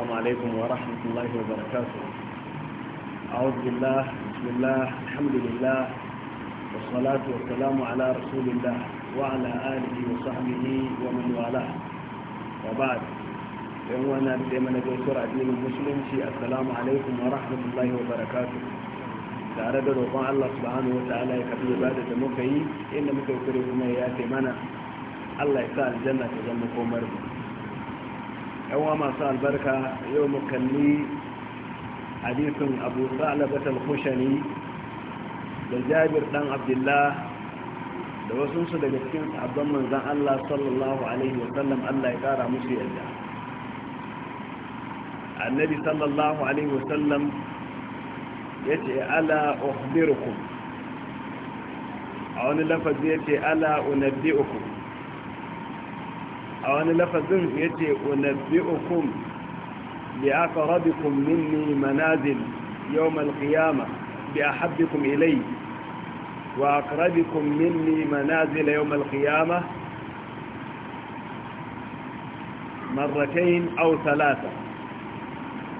السلام عليكم ورحمة الله وبركاته أعوذ بالله بسم الله الحمد لله والصلاة والسلام على رسول الله وعلى آله وصحبه ومن والاه وبعد وانا دائما جوسر الدين المسلم السلام عليكم ورحمة الله وبركاته tare da roƙon Allah subhanahu wa ta'ala ya karbi ibada da muka yi inda muka yi kure kuma ya taimana Allah ya sa aljanna ta zama komar mu yawa masu albarka yau mu kalli abu salabat al-kushani da jabir dan abdullah da wasu su daga cikin sahabban manzon Allah sallallahu alaihi wa sallam Allah ya kara musu yarda annabi sallallahu alaihi wa sallam ce ala ukhbirukum a wani lafazi ce ala unabbiukum a wani lafazin ya ce unabbi'ukum bi aqrabikum minni manazil yawm al-qiyamah bi ahabbikum ilayya wa aqrabikum minni manazil yawm al-qiyamah مرتين أو ثلاثة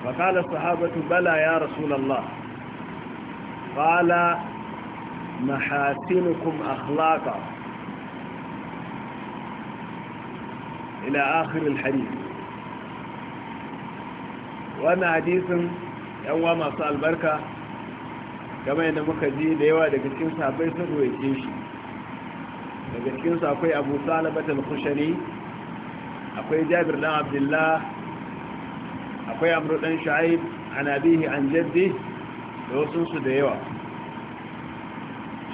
فقال الصحابة بلى يا رسول الله قال محاسنكم أخلاقا Ina akhirin hadith wannan hadisin yanwa masu albarka game da muka ji da yawa daga cikin sabai sun roƙe shi daga cikin akwai abu salabatul kushani akwai jabir dan abdullah akwai amru dan shu'aib an abihi an da wasu su da yawa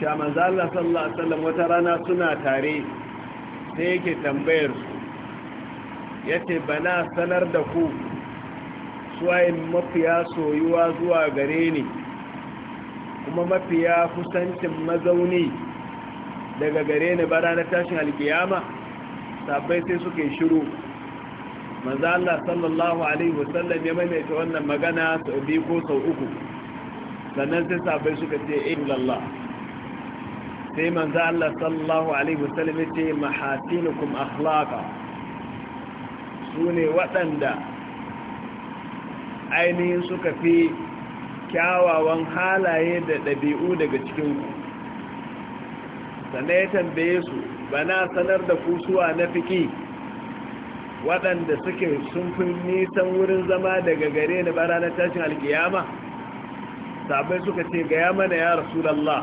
sha manzo Allah sallallahu wata rana suna tare sai yake tambayar su ya ce bana sanar da ku suwayin mafiya soyuwa zuwa gare ni kuma mafiya kusancin mazauni daga gare ni ba ranar tashin alkiyama sabai sai suke shiru maza Allah sallallahu alaihi wasallam ya maimaita wannan magana sau biyu ko sau uku sannan sai sabai suka ce illallah sai manzo Allah sallallahu alaihi wasallam ya ce mahatinukum akhlaqa su ne waɗanda ainihin suka fi kyawawan halaye da ɗabi'u daga cikin ku sannan ya tambaye su bana sanar da kusuwa na fiki waɗanda suke sun fi nisan wurin zama daga gare ni ba ranar tashin alkiyama sabai suka ce gaya mana ya rasulallah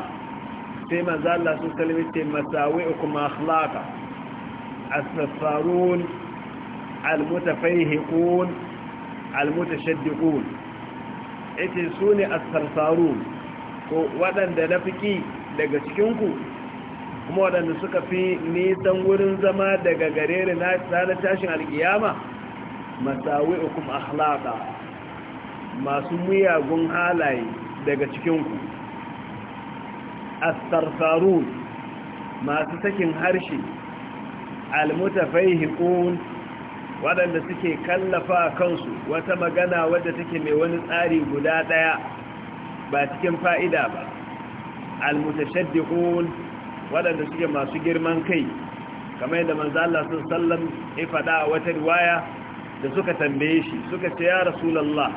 sai manzo Allah sun kalmi ce masawi'ukum akhlaqa as المتفيهقون المتشدقون ita سوني ne as-sarsaru ko waɗanda na fiki daga cikinku kuma waɗanda suka fi nisan wurin zama daga garere na tsanar tashin alkiyama masawai hukum akhlaqa masu miyagun halaye daga cikinku as-sarsarun masu sakin harshe al-mutafaihiqun waɗanda suke kallafa kansu wata magana wadda take mai wani tsari guda ɗaya ba cikin fa'ida ba almutashaddiqun waɗanda suke masu girman kai kamar yadda sun Allah sallallahu alaihi a wata riwaya da suka tambaye shi suka ce ya rasulullah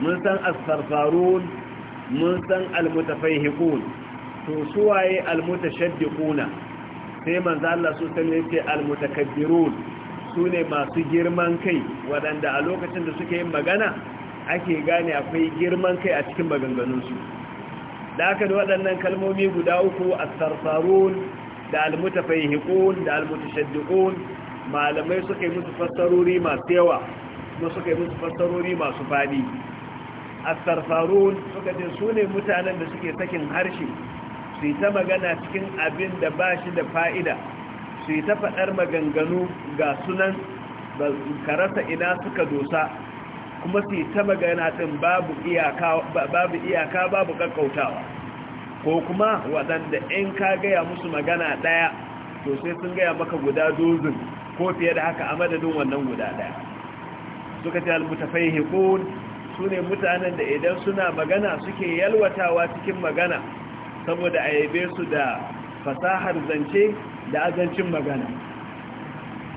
mun san as mun san al to suwaye al-mutashaddiquna sai Manzala sun sallallahu alaihi ya ce al su ne masu girman kai waɗanda a lokacin da suke yin magana ake gane akwai girman kai a cikin maganganunsu da aka da waɗannan kalmomi guda uku a sarsarun da almutafahihikun da almutashaddiqun malamai suka yi musu fassarori masu yawa kuma suka yi musu fassarori masu faɗi. A sarsarun suka ce su ne mutanen da suke sakin harshe su yi ta magana cikin abin da ba shi da fa'ida su yi ta faɗar maganganu ga sunan ka rasa ina suka dosa kuma su yi ta magana ɗin babu iyaka babu ƙaƙƙautawa ko kuma waɗanda in ka gaya musu magana ɗaya to sai sun gaya maka guda dozin ko fiye da haka a madadin wannan guda ɗaya suka ce almutafai su ne mutanen da idan suna magana suke yalwatawa cikin magana saboda a yabe su da fasahar zance da azancin magana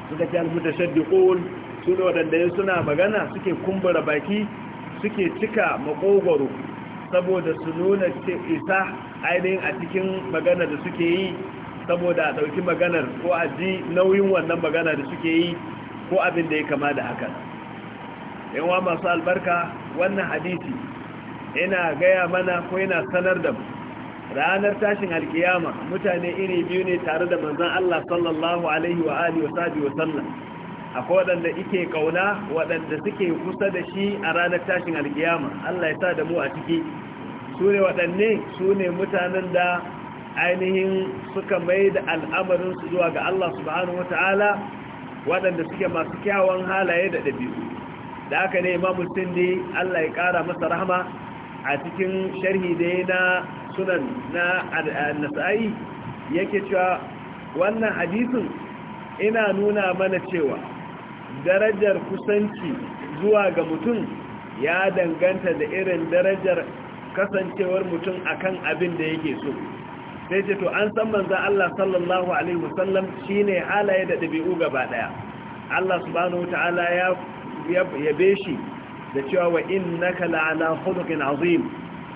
suka ce almutashaddiqun su ne waɗanda suna magana suke kumbura baki suke cika maƙogwaro saboda su nuna isa ainihin a cikin magana da suke yi saboda a ɗauki maganar ko a ji nauyin wannan magana da suke yi ko abin da ya kama da haka yawa masu albarka wannan hadisi yana gaya mana ko yana sanar da mu ranar tashin alkiyama mutane iri biyu ne tare da manzon Allah sallallahu alaihi wa alihi wa sahbihi wa sallam akwai wadanda ike kauna wadanda suke kusa da shi a ranar tashin alkiyama Allah ya sa da mu a ciki su ne waɗanne su ne mutanen da ainihin suka mai da al'amarinsu zuwa ga Allah subhanahu wa wadanda waɗanda suke masu kyawun halaye da ɗabi'u da aka ne imamu sindi Allah ya ƙara masa rahama a cikin sharhi da na sunan na nasa'i yake cewa wannan hadisin ina nuna mana cewa darajar kusanci zuwa ga mutum ya danganta da irin darajar kasancewar mutum akan abin da yake so sai ce to an san manzan Allah sallallahu alaihi wasallam shine halaye da ɗabi'u gaba ɗaya Allah subhanahu ta'ala ya yabe shi da cewa wa innaka la'ala khuluqin azim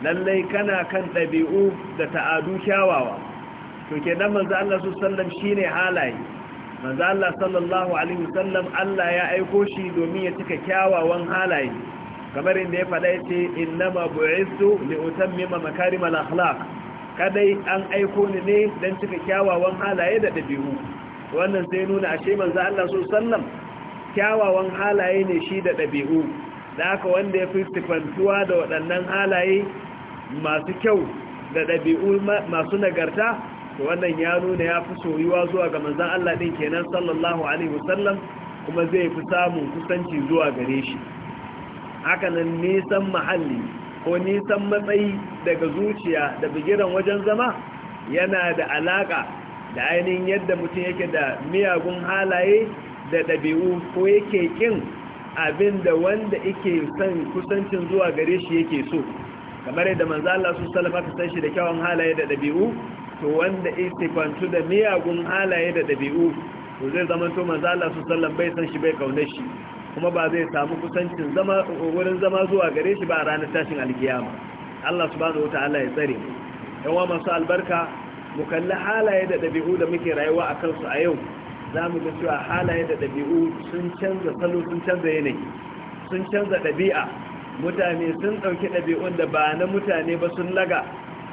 lallai kana kan ɗabi'u da ta'adu kyawawa to ke nan manzo Allah su sallam shine halaye manzo Allah sallallahu alaihi wasallam Allah ya aiko shi domin ya cika kyawawan halaye kamar inda ya fada yace innama bu'istu li utammima makarimal akhlaq kadai an aiko ni ne dan cika kyawawan halaye da ɗabi'u wannan sai nuna ashe manzo Allah su sallam kyawawan halaye ne shi da ɗabi'u da aka wanda ya fi sifantuwa da waɗannan halaye masu kyau da ɗabi'u masu nagarta wannan ya nuna ya fi soyuwa zuwa ga manzan Allah ɗin kenan sallallahu alaihi wasallam kuma zai fi samun kusanci zuwa gare shi hakanan nisan mahalli ko nisan matsayi daga zuciya da bigiran wajen zama yana da alaƙa da ainihin yadda mutum yake da miyagun halaye da ɗabi'u ko yake ƙin abin da wanda yake son kusancin zuwa gare shi yake so kamar yadda manzo Allah su salafa ta san shi da kyawun halaye da dabi'u to wanda kwantu da miyagun halaye da dabi'u to zai zama to manzo Allah su sallan bai san shi bai kaunar shi kuma ba zai samu kusancin zama wurin zama zuwa gare shi ba a ranar tashin alkiyama Allah subhanahu wataala ya tsare yawa masu albarka mu kalli halaye da dabi'u da muke rayuwa a kansu a yau za mu ga cewa halaye da dabi'u sun canza salo sun canza yanayi sun canza ɗabi'a mutane sun ɗauki ɗabi'un da ba na mutane ba sun laga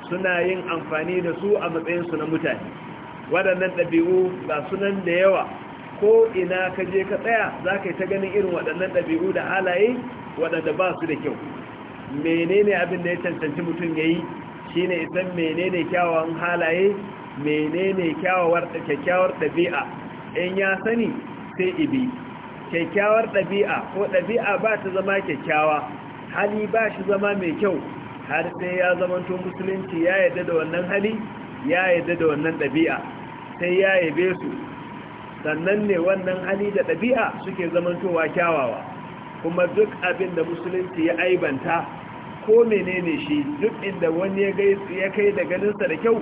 suna yin amfani da su a matsayinsu na mutane waɗannan ɗabi'u ba sunan da yawa ko ina ka je ka tsaya za ka yi ta ganin irin waɗannan ɗabi'u da halaye waɗanda ba su da kyau menene abin da ya cancanci mutum ya yi shi ne isan menene kyawawan halaye menene kyakkyawar ɗabi'a in ya sani sai ibi kyakkyawar ɗabi'a ko ɗabi'a ba ta zama kyakkyawa hali ba shi zama mai kyau har sai ya zamanto musulunci ya yarda da wannan hali ya yadda da wannan ɗabi'a sai ya yabe su sannan ne wannan hali da ɗabi'a suke zamantowa kyawawa kuma duk abin da musulunci ya aibanta ko menene shi duk inda wani ya kai da ganinsa da kyau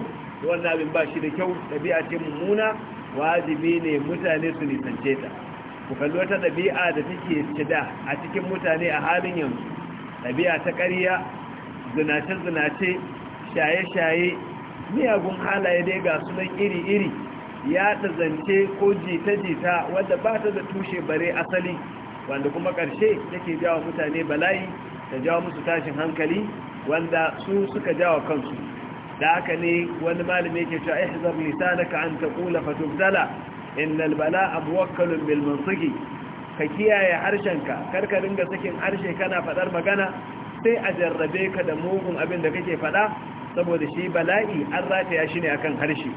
wannan abin ba shi da kyau ɗabi'a ce mummuna wajibi ne mutane su nisance ta ku kalli wata ɗabi'a da take cida a cikin mutane a halin yanzu ɗabi'a ta ƙariya zinace-zinace shaye-shaye miyagun halaye dai ga sunan iri-iri ya ta zance ko jita-jita wadda ba ta da tushe bare asali wanda kuma ƙarshe yake jawo mutane bala'i ta jawo musu tashin hankali wanda su suka jawo kansu da haka ne wani malami yake cewa ihzar lisanaka an taqula fatubdala innal bala'a muwakkalun bil ka kiyaye harshen ka, kar ka ringa sakin harshe kana faɗar magana sai a jarrabe ka da mugun abin da kake faɗa saboda shi bala'i an rataya shi ne akan harshe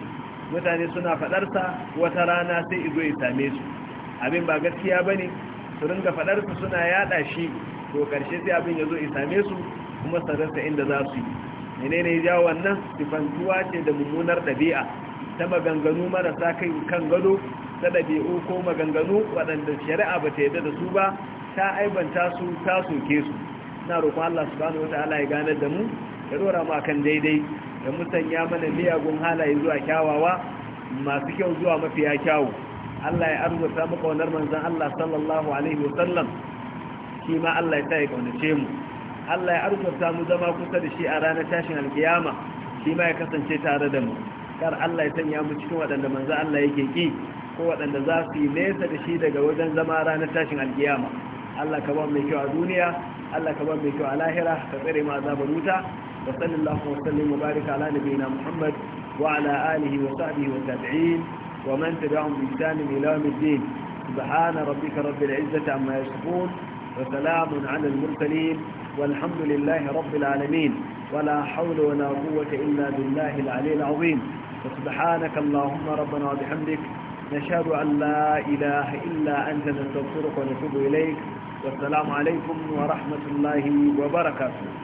mutane suna faɗarsa wata rana sai izo ya same su abin ba gaskiya ba ne su ringa faɗarsa suna yaɗa shi to karshe sai abin ya zo ya same su kuma sararsa inda za su yi menene ya jawo wannan sifantuwa ce da mummunar ɗabi'a ta maganganu marasa kai kan gado ta ɗabi'u ko maganganu waɗanda shari'a ba ta yadda da su ba ta aibanta su ta soke su na roƙon Allah wata ala ya ganar da mu ya ɗora mu akan daidai da musanya mana miyagun halaye zuwa kyawawa masu kyau zuwa mafiya kyawu Allah ya arzuta mu kaunar manzon Allah sallallahu alaihi wasallam shi ma Allah ya sa ya kaunace mu Allah ya arzuta mu zama kusa da shi a ranar tashin alkiyama shi ma ya kasance tare da mu kar Allah ya sanya mu cikin waɗanda manzo Allah yake ki ko waɗanda za su yi nesa da shi daga wajen zama ranar tashin alkiyama Allah ka ba mai kyau a duniya Allah ka ba mai kyau a lahira ka tsare mu azabar wuta wa sallallahu wa sallim wa ala nabiyina Muhammad wa ala alihi wa sahbihi wa tabi'in wa man tabi'ahum bi ihsan ila yawm الدين سبحان ربك رب العزة عما يصفون وسلام على المرسلين والحمد لله رب العالمين ولا حول ولا قوة إلا بالله العلي العظيم فسبحانك اللهم ربنا وبحمدك نشهد أن لا إله إلا أنت نستغفرك ونتوب إليك والسلام عليكم ورحمة الله وبركاته